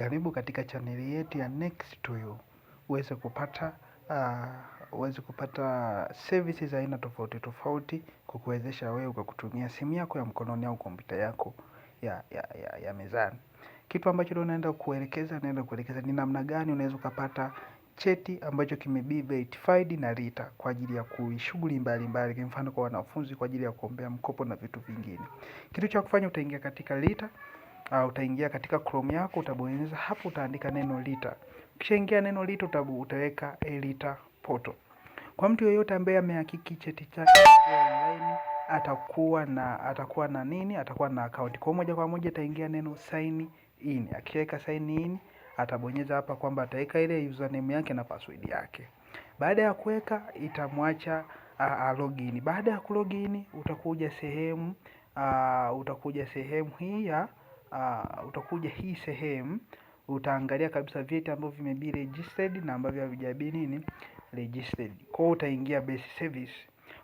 Karibu katika chaneli yetu ya Next to You uweze kupata uh, uweze kupata services aina tofauti tofauti kukuwezesha wewe kwa kutumia simu yako ya mkononi au kompyuta yako ya, ya, ya, ya mezani. Kitu ambacho leo naenda kuelekeza, naenda kuelekeza ni namna gani unaweza ukapata cheti ambacho be verified na RITA kwa ajili ya kuishughuli mbalimbali, kwa mfano kwa wanafunzi, kwa ajili ya kuombea mkopo na vitu vingine. Kitu cha kufanya utaingia katika RITA uh, utaingia katika Chrome yako, utabonyeza hapo, utaandika neno lita. Ukishaingia neno lita, utabu utaweka e lita poto. Kwa mtu yeyote ambaye amehakiki cheti chake online atakuwa na atakuwa na nini? Atakuwa na account. Kwa moja kwa moja ataingia neno sign in. Akiweka sign in, atabonyeza hapa kwamba ataweka ile username yake na password yake. Baada ya kuweka itamwacha uh, login. Baada ya kulogin utakuja sehemu uh, utakuja sehemu hii ya uh, utakuja hii sehemu utaangalia kabisa vyeti ambavyo vimebi registered na ambavyo havijabi nini registered. Kwa hiyo utaingia base service.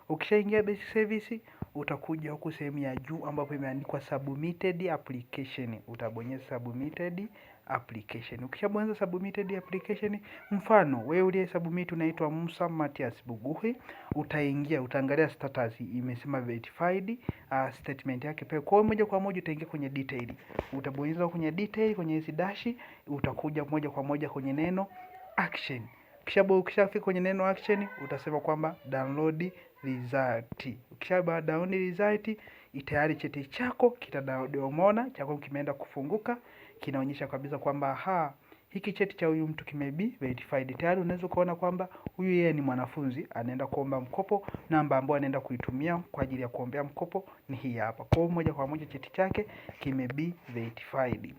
Ukishaingia base service utakuja huku sehemu ya juu ambapo imeandikwa submitted application. Utabonyeza submitted application. Ukishabonyeza submitted application, mfano wewe uliye submit unaitwa Musa Matias Buguhi, utaingia utaangalia status imesema verified, uh, statement yake pia. Kwa moja kwa moja utaingia kwenye detail, utabonyeza kwenye detail, kwenye hizi dash utakuja moja kwa moja kwenye neno action. kisha Ukishafika kwenye neno action, utasema kwamba download result. Ukisha download result, itayari cheti chako kita download chako kimeenda kufunguka, kinaonyesha kabisa kwamba ha hiki cheti cha huyu mtu kime be verified. Tayari unaweza kuona kwamba huyu yeye ni mwanafunzi anaenda kuomba mkopo, namba ambayo anaenda kuitumia kwa ajili ya kuombea mkopo ni hii hapa. Kwa hiyo moja kwa moja cheti chake kime be verified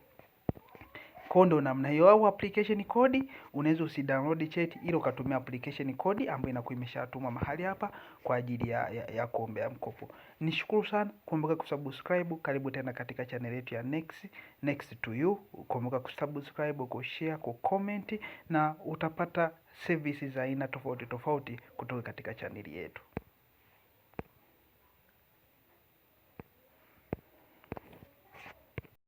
kondo namna hiyo, au application code unaweza usidownload cheti, ili ukatumia application code ambayo inakuwa imeshatumwa mahali hapa kwa ajili ya, ya, ya kuombea mkopo. Nishukuru sana, kumbuka kusubscribe. Karibu tena katika channel yetu ya Next Next to You. Kumbuka kusubscribe, ku comment na utapata services za aina tofauti tofauti kutoka katika chaneli yetu.